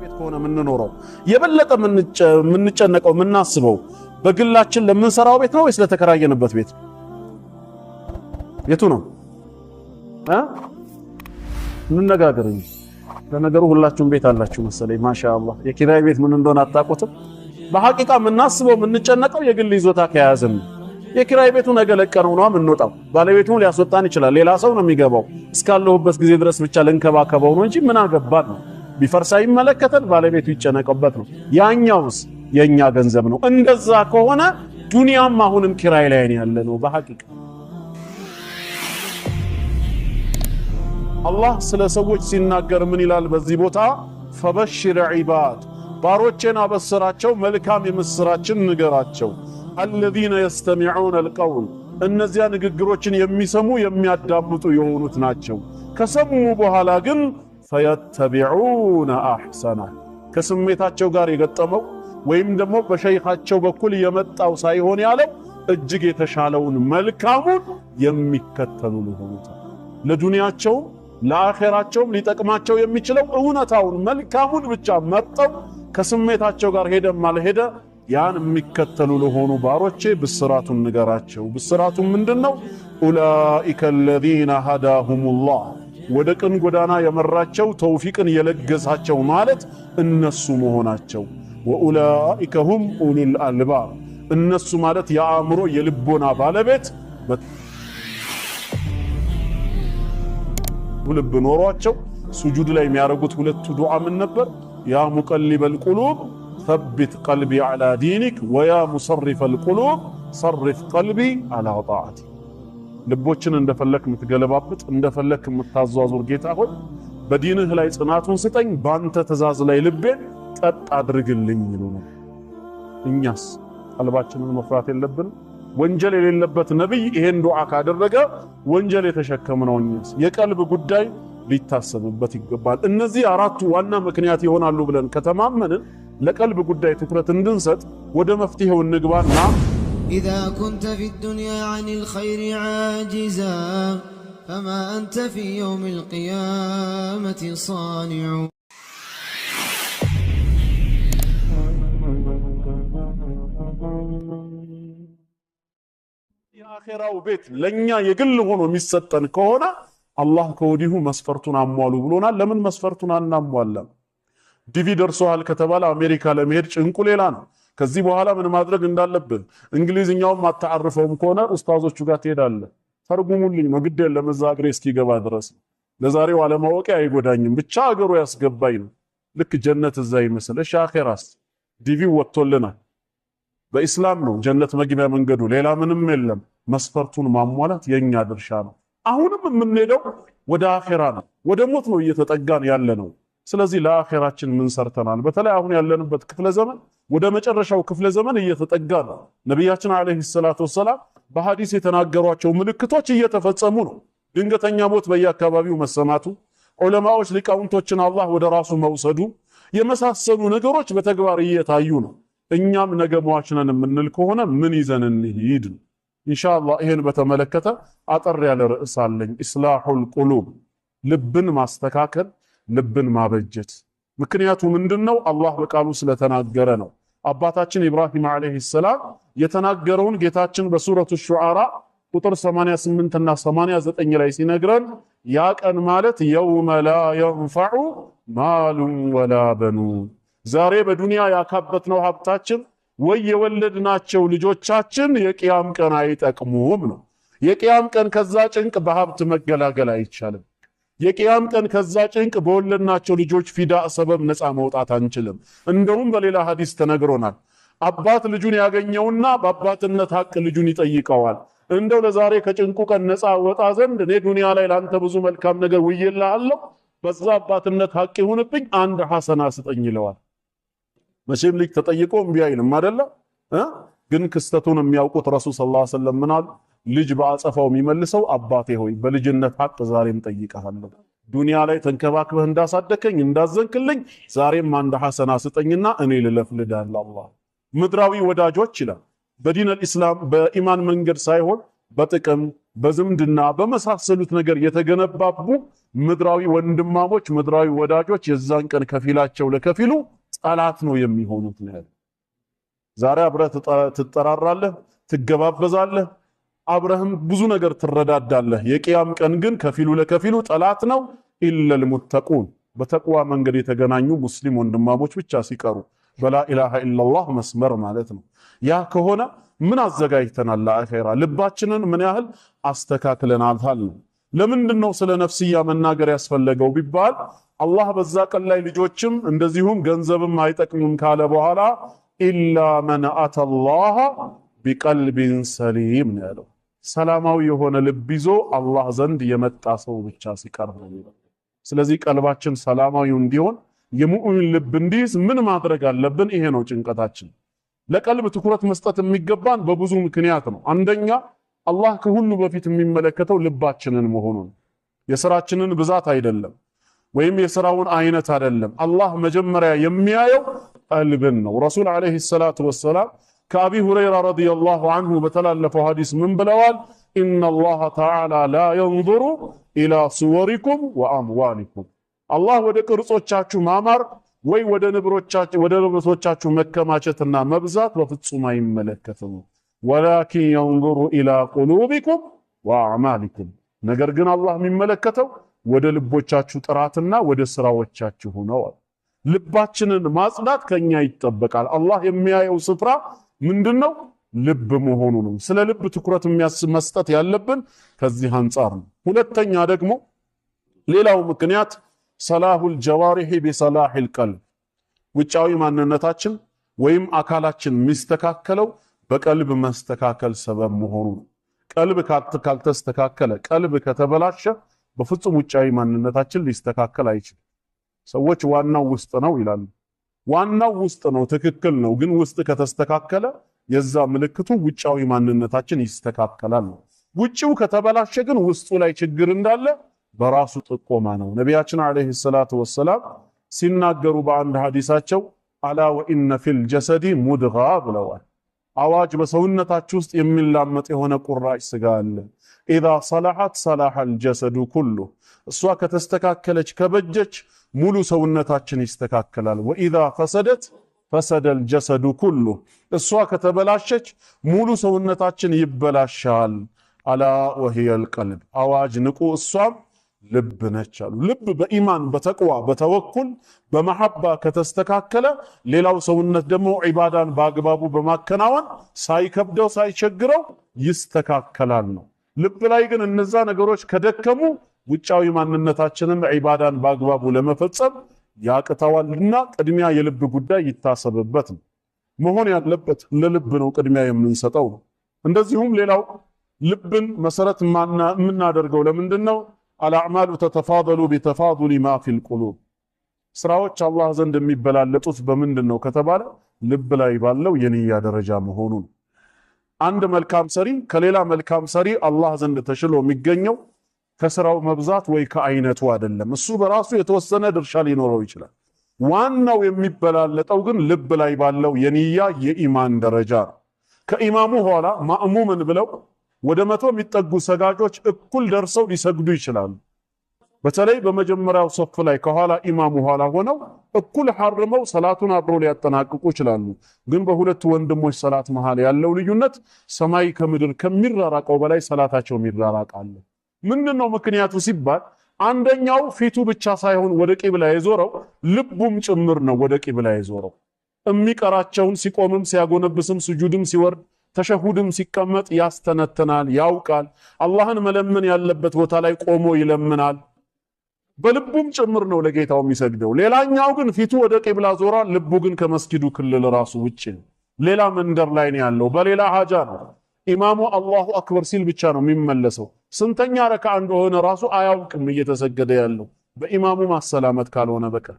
ቤት ከሆነ የምንኖረው የበለጠ የምንጨነቀው የምናስበው በግላችን ለምንሰራው ቤት ነው ወይስ ለተከራየንበት ቤት የቱ ነው እ እንነጋገር እንጂ ለነገሩ ሁላችሁም ቤት አላችሁ መሰለኝ ማሻአላ የኪራይ ቤት ምን እንደሆነ አታውቁትም በሐቂቃ የምናስበው የምንጨነቀው የግል ይዞታ ከያዝን የኪራይ ቤቱን ነገለቀ ነው ነው የምንወጣው። ባለቤቱ ሊያስወጣን ይችላል። ሌላ ሰው ነው የሚገባው። እስካለሁበት ጊዜ ድረስ ብቻ ልንከባከበው ነው እንጂ ምን አገባት ነው። ቢፈርሳ ይመለከተን፣ ባለቤቱ ይጨነቀበት ነው። ያኛውስ የኛ ገንዘብ ነው። እንደዛ ከሆነ ዱንያም አሁንም ኪራይ ላይ ነው ያለ ነው በሐቂቃ አላህ ስለ ሰዎች ሲናገር ምን ይላል? በዚህ ቦታ ፈበሽር ዒባድ ባሮቼን አበስራቸው፣ መልካም የምስራችን ንገራቸው አለዚነ የስተሚዑነ አልቀውል እነዚያ ንግግሮችን የሚሰሙ የሚያዳምጡ የሆኑት ናቸው። ከሰሙ በኋላ ግን ፈየተቢዑነ አሕሰና ከስሜታቸው ጋር የገጠመው ወይም ደግሞ በሸይኻቸው በኩል የመጣው ሳይሆን ያለው እጅግ የተሻለውን መልካሙን የሚከተሉ ሊሆኑት ለዱንያቸውም ለአኼራቸውም ሊጠቅማቸው የሚችለው እውነታውን መልካሙን ብቻ መርጠው ከስሜታቸው ጋር ሄደም አልሄደ ያን የሚከተሉ ለሆኑ ባሮቼ ብስራቱን ንገራቸው። ብስራቱን ምንድነው? ኡላኢከ አለዚነ ሀዳሁሙላህ ወደ ቅን ጎዳና የመራቸው ተውፊቅን የለገሳቸው ማለት እነሱ መሆናቸው። ወኡላኢከ ሁም ኡሉል አልባብ እነሱ ማለት የአእምሮ የልቦና ባለቤት ልብ ኖሯቸው። ሱጁድ ላይ የሚያደርጉት ሁለቱ ዱዓ ምን ነበር? ያ ሙቀሊበል ቁሉብ ثبت قلبي على دينك ويا مصرف القلوب صرف قلبي على طاعتك ልቦችን እንደፈለክ የምትገለባብጥ እንደፈለክ የምታዟዙር ጌታ ሆይ በዲንህ ላይ ጽናቱን ስጠኝ፣ በአንተ ትእዛዝ ላይ ልቤን ቀጥ አድርግልኝ ይሉ ነው። እኛስ ቀልባችንን መፍራት የለብን? ወንጀል የሌለበት ነቢይ ይሄን ዱዓ ካደረገ ወንጀል የተሸከምነው እኛስ የቀልብ ጉዳይ ሊታሰብበት ይገባል። እነዚህ አራቱ ዋና ምክንያት ይሆናሉ ብለን ከተማመንን لقلب قداي تكرت ودم ود مفتيهو نعم اذا كنت في الدنيا عن الخير عاجزا فما انت في يوم القيامه صانع አኼራው ቤት ለእኛ የግል ሆኖ የሚሰጠን ከሆነ الله ከወዲሁ መስፈርቱን አሟሉ ብሎናል لمن مسفرتنا አናሟለም ዲቪ ደርሰዋል ከተባለ አሜሪካ ለመሄድ ጭንቁ ሌላ ነው። ከዚህ በኋላ ምን ማድረግ እንዳለብን እንግሊዝኛውም አታዓርፈውም ከሆነ ኡስታዞቹ ጋር ትሄዳለህ። ተርጉሙልኝ ነው ግድ የለም እዛ አገሬ እስኪገባ ድረስ ለዛሬው አለማወቂ አይጎዳኝም፣ ብቻ አገሩ ያስገባኝ ነው። ልክ ጀነት እዛ ይመስል። እሺ አኼራስ? ዲቪ ወጥቶልናል። በኢስላም ነው ጀነት መግቢያ መንገዱ፣ ሌላ ምንም የለም። መስፈርቱን ማሟላት የእኛ ድርሻ ነው። አሁንም የምንሄደው ወደ አኼራ ነው፣ ወደ ሞት ነው እየተጠጋን ያለ ነው። ስለዚህ ለአኼራችን ምን ሰርተናል? በተለይ አሁን ያለንበት ክፍለ ዘመን ወደ መጨረሻው ክፍለ ዘመን እየተጠጋ ነው። ነቢያችን ዓለይሂ ሰላቱ ወሰላም በሐዲስ የተናገሯቸው ምልክቶች እየተፈጸሙ ነው። ድንገተኛ ሞት በየአካባቢው መሰማቱ፣ ዑለማዎች ሊቃውንቶችን አላህ ወደ ራሱ መውሰዱ የመሳሰሉ ነገሮች በተግባር እየታዩ ነው። እኛም ነገ ሟች ነን የምንል ከሆነ ምን ይዘን እንሂድ ኢንሻአላህ ይሄን በተመለከተ አጠር ያለ ርዕስ አለኝ። ኢስላሑል ቁሉብ ልብን ማስተካከል ልብን ማበጀት። ምክንያቱ ምንድን ነው? አላህ በቃሉ ስለተናገረ ነው። አባታችን ኢብራሂም ዓለይሂ ሰላም የተናገረውን ጌታችን በሱረቱ ሹዓራ ቁጥር 88 እና 89 ላይ ሲነግረን ያ ቀን ማለት የውመ ላ የንፈዑ ማሉን ወላ በኑን፣ ዛሬ በዱንያ ያካበትነው ሀብታችን ወይ የወለድናቸው ልጆቻችን የቅያም ቀን አይጠቅሙም ነው። የቅያም ቀን ከዛ ጭንቅ በሀብት መገላገል አይቻልም። የቅያም ቀን ከዛ ጭንቅ በወለድናቸው ልጆች ፊዳ ሰበብ ነፃ መውጣት አንችልም። እንደውም በሌላ ሐዲስ ተነግሮናል። አባት ልጁን ያገኘውና በአባትነት ሐቅ ልጁን ይጠይቀዋል። እንደው ለዛሬ ከጭንቁ ቀን ነፃ ወጣ ዘንድ እኔ ዱንያ ላይ ለአንተ ብዙ መልካም ነገር ውዬልሃለሁ፣ በዛ አባትነት ሐቅ ይሁንብኝ፣ አንድ ሐሰና ስጠኝ ይለዋል። መቼም ልጅ ተጠይቆ እምቢ አይልም አደለ? ግን ክስተቱን የሚያውቁት ረሱል ስ ላ ወሰለም ልጅ በአጸፋው የሚመልሰው አባቴ ሆይ በልጅነት ሀቅ ዛሬም ጠይቀሃለሁ። ዱንያ ላይ ተንከባክበህ እንዳሳደከኝ እንዳዘንክልኝ ዛሬም አንድ ሐሰና ስጠኝና እኔ ልለፍ ልዳል። አላህ ምድራዊ ወዳጆች ይላል በዲን አልኢስላም በኢማን መንገድ ሳይሆን በጥቅም በዝምድና በመሳሰሉት ነገር የተገነባቡ ምድራዊ ወንድማሞች ምድራዊ ወዳጆች የዛን ቀን ከፊላቸው ለከፊሉ ጠላት ነው የሚሆኑት ነው። ዛሬ አብረህ ትጠራራለህ፣ ትገባበዛለህ አብረህም ብዙ ነገር ትረዳዳለህ። የቅያም ቀን ግን ከፊሉ ለከፊሉ ጠላት ነው። ኢለል ሙተቁን በተቅዋ መንገድ የተገናኙ ሙስሊም ወንድማሞች ብቻ ሲቀሩ በላኢላሃ ኢለላህ መስመር ማለት ነው። ያ ከሆነ ምን አዘጋጅተናል ለአኼራ? ልባችንን ምን ያህል አስተካክለናታል ነው። ለምንድን ነው ስለ ነፍስያ መናገር ያስፈለገው ቢባል አላህ በዛ ቀን ላይ ልጆችም እንደዚሁም ገንዘብም አይጠቅምም ካለ በኋላ ኢላ መን አተላህ ቢቀልቢን ሰሊም ነው ያለው። ሰላማዊ የሆነ ልብ ይዞ አላህ ዘንድ የመጣ ሰው ብቻ ሲቀርብ ነው የሚለው። ስለዚህ ቀልባችን ሰላማዊ እንዲሆን የሙእሚን ልብ እንዲይዝ ምን ማድረግ አለብን? ይሄ ነው ጭንቀታችን። ለቀልብ ትኩረት መስጠት የሚገባን በብዙ ምክንያት ነው። አንደኛ አላህ ከሁሉ በፊት የሚመለከተው ልባችንን መሆኑን የስራችንን ብዛት አይደለም፣ ወይም የስራውን አይነት አይደለም። አላህ መጀመሪያ የሚያየው ቀልብን ነው። ረሱል ዓለይሂ ሰላቱ ወሰላም كابي هريرة رضي الله عنه مثلا لفو حديث من بلوال إن الله تعالى لا ينظر إلى صوركم وأموالكم الله ودك رسو تشاكو مامر وي ودنبرو تشاكو ودنبرو تشاكو مكة ما شتنا مبزات وفتسو ما يملك ولكن ينظر إلى قلوبكم وأعمالكم نقرقنا الله من ملكته ወደ ልቦቻችሁ ጥራትና ወደ ስራዎቻችሁ ነው ልባችንን ማጽዳት ከኛ ይጠበቃል አላህ የሚያየው ስፍራ ምንድነው? ልብ መሆኑ ነው። ስለ ልብ ትኩረት መስጠት ያለብን ከዚህ አንጻር ነው። ሁለተኛ ደግሞ ሌላው ምክንያት ሰላሁል ጀዋሪሂ ቢሰላሂል ቀልብ፣ ውጫዊ ማንነታችን ወይም አካላችን የሚስተካከለው በቀልብ መስተካከል ሰበብ መሆኑ ነው። ቀልብ ካልተስተካከለ፣ ቀልብ ከተበላሸ በፍጹም ውጫዊ ማንነታችን ሊስተካከል አይችልም። ሰዎች ዋናው ውስጥ ነው ይላሉ። ዋናው ውስጥ ነው። ትክክል ነው። ግን ውስጥ ከተስተካከለ የዛ ምልክቱ ውጫዊ ማንነታችን ይስተካከላል ነው። ውጪው ከተበላሸ ግን ውስጡ ላይ ችግር እንዳለ በራሱ ጥቆማ ነው። ነቢያችን አለይሂ ሰላቱ ወሰላም ሲናገሩ በአንድ ሐዲሳቸው አላ ወኢነ ፊል ጀሰዲ ሙድጋ ብለዋል። አዋጅ በሰውነታችሁ ውስጥ የሚላመጥ የሆነ ቁራጭ ስጋ አለ። ኢዛ ሰላሐት ሰላሐል ጀሰዱ ኩሉ እሷ ከተስተካከለች ከበጀች ሙሉ ሰውነታችን ይስተካከላል። ወኢዛ ፈሰደት ፈሰደል ጀሰዱ ኩሉ እሷ ከተበላሸች ሙሉ ሰውነታችን ይበላሻል። አላ ወሂየል ቀልብ አዋጅ ንቁ፣ እሷም ልብ ነች አሉ። ልብ በኢማን በተቅዋ በተወኩል በመሐባ ከተስተካከለ ሌላው ሰውነት ደግሞ ዒባዳን በአግባቡ በማከናወን ሳይከብደው ሳይቸግረው ይስተካከላል ነው። ልብ ላይ ግን እነዛ ነገሮች ከደከሙ ውጫዊ ማንነታችንም ዒባዳን በአግባቡ ለመፈጸም ያቅተዋልና ቅድሚያ የልብ ጉዳይ ይታሰብበት ነው። መሆን ያለበት ለልብ ነው ቅድሚያ የምንሰጠው እንደዚሁም ሌላው ልብን መሰረት የምናደርገው ለምንድን ነው? አልአዕማሉ ተተፋደሉ ቢተፋዱሊ ማ ፊል ቁሉብ ስራዎች አላህ ዘንድ የሚበላለጡት በምንድን ነው ከተባለ ልብ ላይ ባለው የንያ ደረጃ መሆኑ ነው። አንድ መልካም ሰሪ ከሌላ መልካም ሰሪ አላህ ዘንድ ተሽሎ የሚገኘው ከስራው መብዛት ወይ ከአይነቱ አይደለም። እሱ በራሱ የተወሰነ ድርሻ ሊኖረው ይችላል። ዋናው የሚበላለጠው ግን ልብ ላይ ባለው የንያ የኢማን ደረጃ ነው። ከኢማሙ ኋላ ማእሙምን ብለው ወደ መቶ የሚጠጉ ሰጋጆች እኩል ደርሰው ሊሰግዱ ይችላሉ። በተለይ በመጀመሪያው ሶፍ ላይ ከኋላ ኢማሙ ኋላ ሆነው እኩል ሐርመው ሰላቱን አብሮ ሊያጠናቅቁ ይችላሉ። ግን በሁለቱ ወንድሞች ሰላት መሃል ያለው ልዩነት ሰማይ ከምድር ከሚራራቀው በላይ ሰላታቸው ይራራቃል። ምንድን ነው ምክንያቱ ሲባል አንደኛው ፊቱ ብቻ ሳይሆን ወደ ቂብላ የዞረው ልቡም ጭምር ነው ወደ ቂብላ የዞረው። እሚቀራቸውን ሲቆምም ሲያጎነብስም ስጁድም ሲወርድ ተሸሁድም ሲቀመጥ ያስተነትናል፣ ያውቃል። አላህን መለመን ያለበት ቦታ ላይ ቆሞ ይለምናል። በልቡም ጭምር ነው ለጌታው የሚሰግደው። ሌላኛው ግን ፊቱ ወደ ቂብላ ዞሯል፣ ልቡ ግን ከመስጊዱ ክልል ራሱ ውጭ ነው። ሌላ መንደር ላይ ነው ያለው፣ በሌላ ሀጃ ነው። ኢማሙ አላሁ አክበር ሲል ብቻ ነው የሚመለሰው። ስንተኛ ረካ እንደሆነ ራሱ አያውቅም እየተሰገደ ያለው በኢማሙ ማሰላመት ካልሆነ በቀር።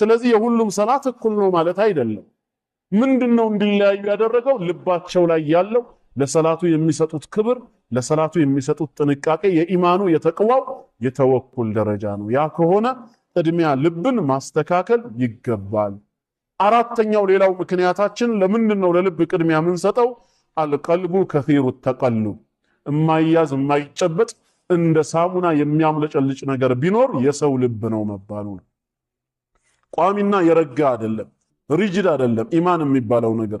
ስለዚህ የሁሉም ሰላት እኩል ነው ማለት አይደለም። ምንድነው እንዲለያዩ ያደረገው? ልባቸው ላይ ያለው ለሰላቱ የሚሰጡት ክብር፣ ለሰላቱ የሚሰጡት ጥንቃቄ፣ የኢማኑ የተቅዋው የተወኩል ደረጃ ነው። ያ ከሆነ ቅድሚያ ልብን ማስተካከል ይገባል። አራተኛው ሌላው ምክንያታችን ለምንድነው ለልብ ቅድሚያ የምንሰጠው? አልቀልቡ ከሲሩ ተቀሉብ የማያዝ የማይጨበጥ እንደ ሳሙና የሚያምለጨልጭ ነገር ቢኖር የሰው ልብ ነው መባሉ ነው። ቋሚና የረጋ አይደለም፣ ሪጅድ አይደለም። ኢማን የሚባለው ነገር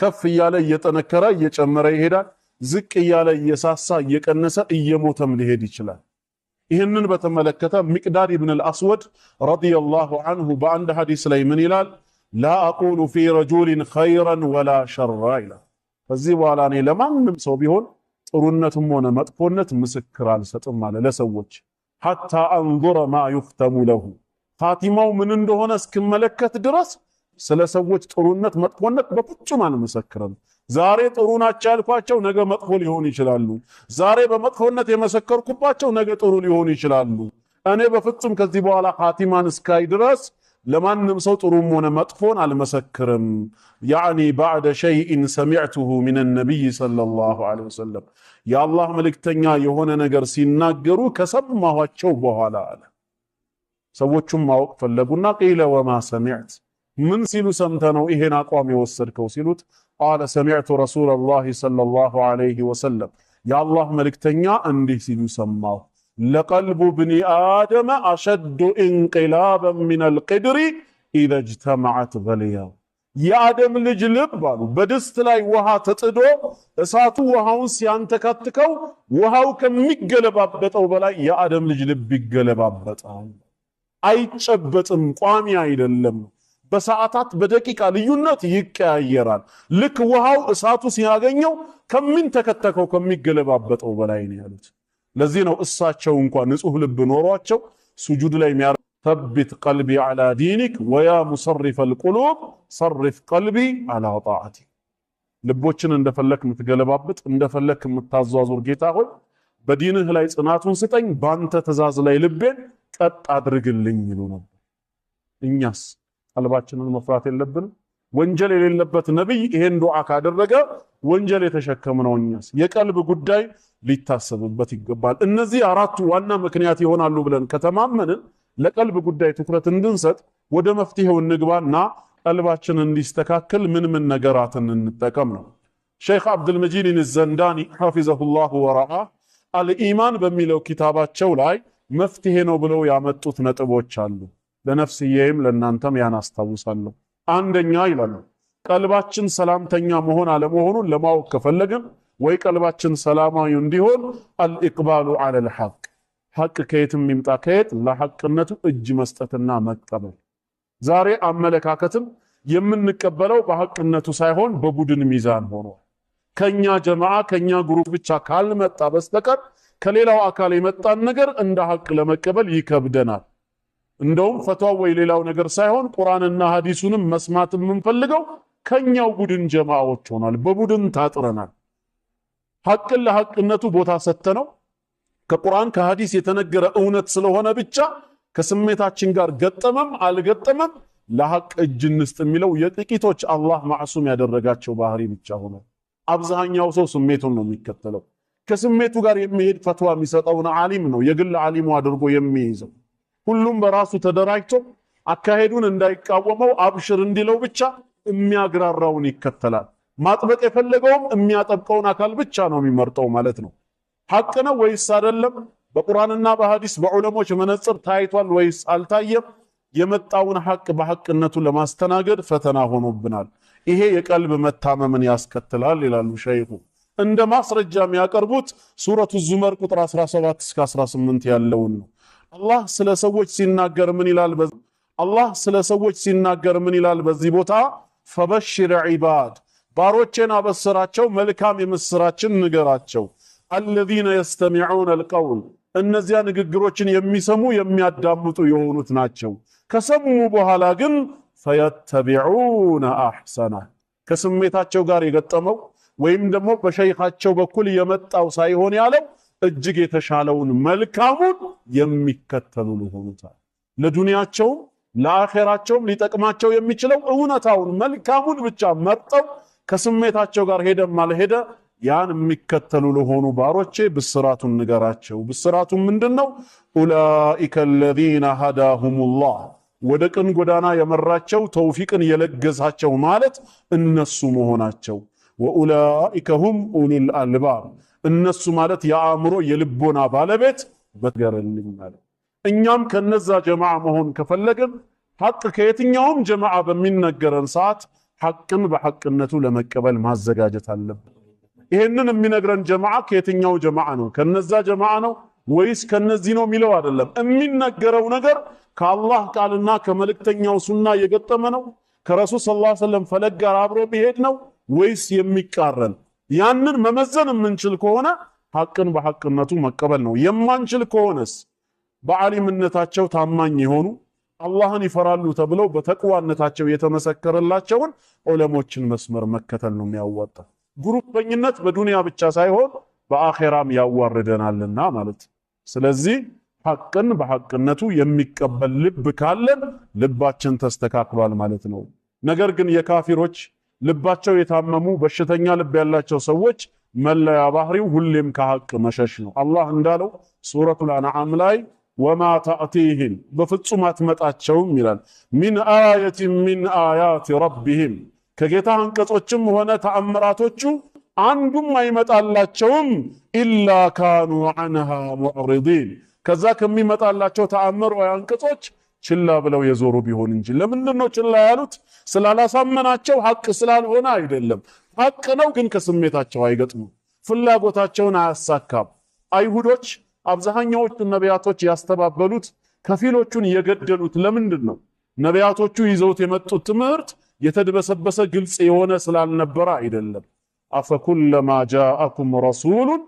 ከፍ እያለ እየጠነከረ እየጨመረ ይሄዳል። ዝቅ እያለ እየሳሳ እየቀነሰ እየሞተም ሊሄድ ይችላል። ይህንን በተመለከተ ሚቅዳድ ኢብን አልአስወድ ረዲየላሁ አንሁ በአንድ ሐዲስ ላይ ምን ይላል? ላ አቁሉ ፊ ረጁሊን ኸይረን ወላ ሸራ ይላል ከዚህ በኋላ እኔ ለማንም ሰው ቢሆን ጥሩነትም ሆነ መጥፎነት ምስክር አልሰጥም አለ ለሰዎች ሐታ አንዙረ ማ ዩክተሙ ለሁ ፋቲማው ምን እንደሆነ እስክመለከት ድረስ ስለ ሰዎች ጥሩነት መጥፎነት በፍጹም አልመሰክርም። ዛሬ ጥሩ ናቸው ያልኳቸው ነገ መጥፎ ሊሆኑ ይችላሉ። ዛሬ በመጥፎነት የመሰከርኩባቸው ነገ ጥሩ ሊሆኑ ይችላሉ። እኔ በፍጹም ከዚህ በኋላ ፋቲማን እስካይ ድረስ ለማንም ሰው ጥሩም ሆነ መጥፎን አልመሰክርም። ያዕኒ ባዕደ ሸይኢን ሰሚዕትሁ ሚን ነቢይ ሰለላሁ ዐለይሂ ወሰለም የአላህ መልእክተኛ የሆነ ነገር ሲናገሩ ከሰማኋቸው በኋላ አለ። ሰዎቹም ማወቅ ፈለጉና ቂለ ወማ ሰሚዕት ምን ሲሉ ሰምተ ነው ይሄን አቋም የወሰድከው ሲሉት፣ ቃለ ሰሚዕቱ ረሱለላሂ ሰለላሁ ዐለይሂ ወሰለም የአላህ መልእክተኛ እንዲህ ሲሉ ሰማሁ ለቀልቡ ብኒ አደመ አሸዱ እንቅላበን ሚነል ቅድሪ ኢዘ ጅተመዐት በልያው የአደም ልጅ ልብ አሉ በድስት ላይ ውሃ ተጥዶ እሳቱ ውሃውን ሲያንተካትከው ውሃው ከሚገለባበጠው በላይ የአደም ልጅ ልብ ይገለባበጣል። አይጨበጥም፣ ቋሚ አይደለም። በሰዓታት በደቂቃ ልዩነት ይቀያየራል። ልክ ውሃው እሳቱ ሲያገኘው ከሚንተከተከው ከሚገለባበጠው በላይ ነው ያሉት። ለዚህ ነው እሳቸው እንኳን ንጹህ ልብ ኖሯቸው ሱጁድ ላይ የሚያ ተቢት ቀልቢ አላ ዲኒክ ወያ ሙሰሪፈ ልቁሉብ ሰሪፍ ቀልቢ አላ ጣዓቲ ልቦችን እንደፈለክ የምትገለባብጥ እንደፈለክ የምታዟዙር ጌታ ሆይ በዲንህ ላይ ጽናቱን ስጠኝ፣ በአንተ ትእዛዝ ላይ ልቤን ቀጥ አድርግልኝ ይሉ ነበር። እኛስ ቀልባችንን መፍራት የለብንም። ወንጀል የሌለበት ነቢይ ይሄን ዱዓ ካደረገ ወንጀል የተሸከምነው እኛስ? የቀልብ ጉዳይ ሊታሰብበት ይገባል። እነዚህ አራቱ ዋና ምክንያት ይሆናሉ ብለን ከተማመንን ለቀልብ ጉዳይ ትኩረት እንድንሰጥ ወደ መፍትሄው እንግባና ቀልባችን እንዲስተካከል ምን ምን ነገራትን እንጠቀም ነው። ሸይኽ አብድልመጂድን ዘንዳኒ ሐፊዘሁላሁ ወረአ አልኢማን በሚለው ኪታባቸው ላይ መፍትሄ ነው ብለው ያመጡት ነጥቦች አሉ። ለነፍስዬም ለእናንተም ያን አስታውሳለሁ። አንደኛ ይላሉ። ቀልባችን ሰላምተኛ መሆን አለመሆኑን ለማወቅ ከፈለግን ወይ ቀልባችን ሰላማዊ እንዲሆን አልኢቅባሉ አለል ሐቅ ሐቅ ከየትም ይምጣ ከየት ለሐቅነቱ እጅ መስጠትና መቀበል። ዛሬ አመለካከትም የምንቀበለው በሐቅነቱ ሳይሆን በቡድን ሚዛን ሆኗል። ከኛ ጀማዓ ከኛ ግሩፕ ብቻ ካልመጣ በስተቀር ከሌላው አካል የመጣን ነገር እንደ ሐቅ ለመቀበል ይከብደናል። እንደውም ፈቷ ወይ ሌላው ነገር ሳይሆን ቁርአንና ሐዲሱንም መስማት የምንፈልገው ከኛው ቡድን ጀማዎች ሆናል። በቡድን ታጥረናል። ሐቅን ለሐቅነቱ ቦታ ሰጥተነው ከቁርአን ከሐዲስ የተነገረ እውነት ስለሆነ ብቻ ከስሜታችን ጋር ገጠመም አልገጠመም ለሐቅ እጅ እንስጥ የሚለው የጥቂቶች አላህ ማዕሱም ያደረጋቸው ባህሪ ብቻ ሆነ። አብዛኛው ሰው ስሜቱን ነው የሚከተለው። ከስሜቱ ጋር የሚሄድ ፈትዋ የሚሰጠውን ዓሊም ነው የግል ዓሊሙ አድርጎ የሚይዘው። ሁሉም በራሱ ተደራጅቶ አካሄዱን እንዳይቃወመው አብሽር እንዲለው ብቻ የሚያግራራውን ይከተላል። ማጥበቅ የፈለገውም የሚያጠብቀውን አካል ብቻ ነው የሚመርጠው ማለት ነው። ሐቅ ነው ወይስ አይደለም? በቁርአንና በሐዲስ በዑለሞች መነጽር ታይቷል ወይስ አልታየም? የመጣውን ሐቅ በሐቅነቱ ለማስተናገድ ፈተና ሆኖብናል። ይሄ የቀልብ መታመምን ያስከትላል ይላሉ ሸይኹ። እንደ ማስረጃ የሚያቀርቡት ሱረቱ ዙመር ቁጥር 17 እስከ 18 ያለውን ነው። አላህ ስለ ሰዎች ሲናገር ምን ይላል? አላህ ስለ ሰዎች ሲናገር ምን ይላል? በዚህ ቦታ ፈበሽር ዒባድ ባሮቼን አበስራቸው፣ መልካም የምስራችን ንገራቸው። አለዚነ የስተሚዑነ አልቀውል እነዚያ ንግግሮችን የሚሰሙ የሚያዳምጡ የሆኑት ናቸው። ከሰሙ በኋላ ግን ፈየተቢዑነ አሕሰና ከስሜታቸው ጋር የገጠመው ወይም ደግሞ በሸይኻቸው በኩል የመጣው ሳይሆን ያለው እጅግ የተሻለውን መልካሙን የሚከተሉ ሊሆኑታል። ለዱንያቸውም ለአኼራቸውም ሊጠቅማቸው የሚችለው እውነታውን መልካሙን ብቻ መርጠው ከስሜታቸው ጋር ሄደም አልሄደ ያን የሚከተሉ ለሆኑ ባሮቼ ብስራቱን ንገራቸው። ብስራቱን ምንድን ነው? ኡላኢከ አለዚነ ሀዳሁሙላህ ወደ ቅን ጎዳና የመራቸው ተውፊቅን የለገሳቸው ማለት እነሱ መሆናቸው። ወኡላኢከ ሁም ኡሉል አልባብ እነሱ ማለት የአእምሮ የልቦና ባለቤት በገረልኝ ማለት እኛም ከነዛ ጀማዓ መሆን ከፈለግን ሐቅ ከየትኛውም ጀማዓ በሚነገረን ሰዓት ሐቅን በሐቅነቱ ለመቀበል ማዘጋጀት አለብን። ይህንን የሚነግረን ጀማዓ ከየትኛው ጀማዓ ነው? ከነዛ ጀማዓ ነው ወይስ ከነዚህ ነው የሚለው አይደለም። የሚነገረው ነገር ከአላህ ቃልና ከመልእክተኛው ሱና የገጠመ ነው? ከረሱል ሰለላሁ ዐለይሂ ወሰለም ፈለግ ጋር አብሮ ቢሄድ ነው ወይስ የሚቃረን ያንን መመዘን የምንችል ከሆነ ሐቅን በሐቅነቱ መቀበል ነው። የማንችል ከሆነስ በዓሊምነታቸው ታማኝ የሆኑ አላህን ይፈራሉ ተብለው በተቅዋነታቸው የተመሰከረላቸውን ዑለሞችን መስመር መከተል ነው የሚያዋጣ። ጉሩበኝነት በዱንያ ብቻ ሳይሆን በአኼራም ያዋርደናልና ማለት ስለዚህ ሐቅን በሐቅነቱ የሚቀበል ልብ ካለን ልባችን ተስተካክሏል ማለት ነው። ነገር ግን የካፊሮች ልባቸው የታመሙ በሽተኛ ልብ ያላቸው ሰዎች መለያ ባህሪው ሁሌም ከሐቅ መሸሽ ነው። አላህ እንዳለው ሱረቱ አንዓም ላይ ወማ ተእቲህም በፍጹም አትመጣቸውም ይላል። ሚን አያቲን ሚን አያት ረቢህም ከጌታ አንቀጾችም ሆነ ተአምራቶቹ አንዱም አይመጣላቸውም። ኢላ ካኑ አንሃ ሙዕሪዲን ከዛ ከሚመጣላቸው ተአምር ወይ አንቀጾች ችላ ብለው የዞሩ ቢሆን እንጂ ለምንድን ነው ችላ ያሉት? ስላላሳመናቸው ሀቅ ስላልሆነ አይደለም። ሀቅ ነው፣ ግን ከስሜታቸው አይገጥሙም፣ ፍላጎታቸውን አያሳካም። አይሁዶች አብዛኛዎቹ ነቢያቶች ያስተባበሉት ከፊሎቹን የገደሉት ለምንድን ነው? ነቢያቶቹ ይዘውት የመጡት ትምህርት የተድበሰበሰ ግልጽ የሆነ ስላልነበረ አይደለም። አፈኩለማ ጃአኩም ረሱሉን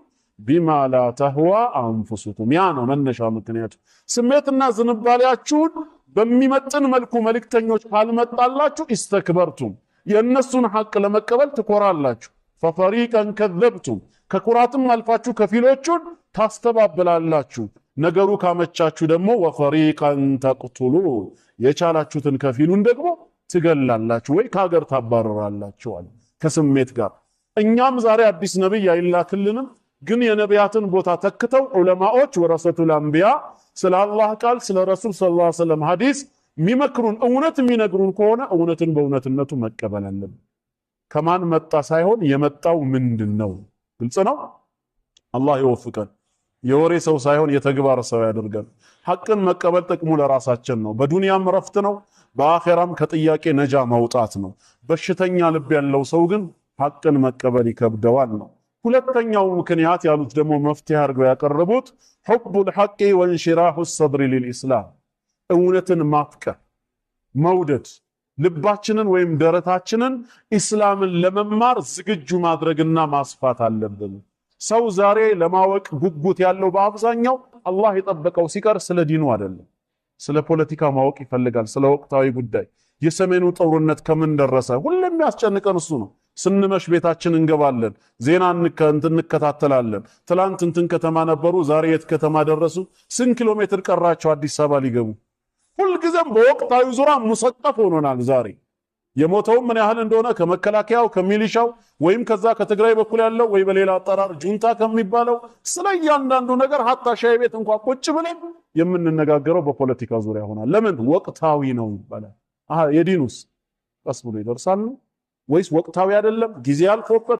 ቢማ ላ ተህዋ አንፉሱኩም። ያ ነው መነሻ ምክንያቱ። ስሜትና ዝንባሌያችሁን በሚመጥን መልኩ መልእክተኞች ካልመጣላችሁ ኢስተክበርቱም፣ የእነሱን ሐቅ ለመቀበል ትኮራላችሁ። ፈፈሪቀን ከዘብቱም፣ ከኩራትም አልፋችሁ ከፊሎቹን ታስተባብላላችሁ። ነገሩ ካመቻችሁ ደግሞ ወፈሪቀን ተቅቱሉን፣ የቻላችሁትን ከፊሉን ደግሞ ትገላላችሁ ወይ ከሀገር ታባረራላችኋል። ከስሜት ጋር እኛም ዛሬ አዲስ ነቢይ አይላክልንም ግን የነቢያትን ቦታ ተክተው ዑለማዎች ወረሰቱል ለአንቢያ ስለ አላህ ቃል ስለ ረሱል ስለ ላ ስለም ሀዲስ የሚመክሩን እውነት የሚነግሩን ከሆነ እውነትን በእውነትነቱ መቀበል አለብን። ከማን መጣ ሳይሆን የመጣው ምንድን ነው? ግልጽ ነው። አላህ ይወፍቀን። የወሬ ሰው ሳይሆን የተግባር ሰው ያደርገን። ሐቅን መቀበል ጥቅሙ ለራሳችን ነው። በዱንያም ረፍት ነው፣ በአኼራም ከጥያቄ ነጃ መውጣት ነው። በሽተኛ ልብ ያለው ሰው ግን ሐቅን መቀበል ይከብደዋል ነው ሁለተኛው ምክንያት ያሉት ደግሞ መፍትሄ አድርገው ያቀረቡት ሑቡል ሐቂ ወንሽራሁ ሰድሪ ሊልኢስላም እውነትን ማፍቀር መውደድ፣ ልባችንን ወይም ደረታችንን ኢስላምን ለመማር ዝግጁ ማድረግና ማስፋት አለብን። ሰው ዛሬ ለማወቅ ጉጉት ያለው በአብዛኛው አላህ የጠበቀው ሲቀር ስለ ዲኑ አይደለም። ስለ ፖለቲካ ማወቅ ይፈልጋል። ስለ ወቅታዊ ጉዳይ የሰሜኑ ጦርነት ከምን ደረሰ? ሁሌም ያስጨንቀን እሱ ነው። ስንመሽ ቤታችን እንገባለን፣ ዜና እንከታተላለን። ትላንት እንትን ከተማ ነበሩ፣ ዛሬ የት ከተማ ደረሱ፣ ስንት ኪሎ ሜትር ቀራቸው አዲስ አበባ ሊገቡ። ሁልጊዜም በወቅታዊ ዙሪያ ሙሰጠፍ ሆኖናል። ዛሬ የሞተውም ምን ያህል እንደሆነ ከመከላከያው ከሚሊሻው፣ ወይም ከዛ ከትግራይ በኩል ያለው ወይ በሌላ አጠራር ጁንታ ከሚባለው ስለ እያንዳንዱ ነገር ሀታ ሻይ ቤት እንኳ ቁጭ ብለን የምንነጋገረው በፖለቲካ ዙሪያ ሆናል። ለምን ወቅታዊ ነው ይባላል። የዲኑስ ቀስ ብሎ ይደርሳል ነው ወይስ ወቅታዊ አይደለም ጊዜ አልፎበት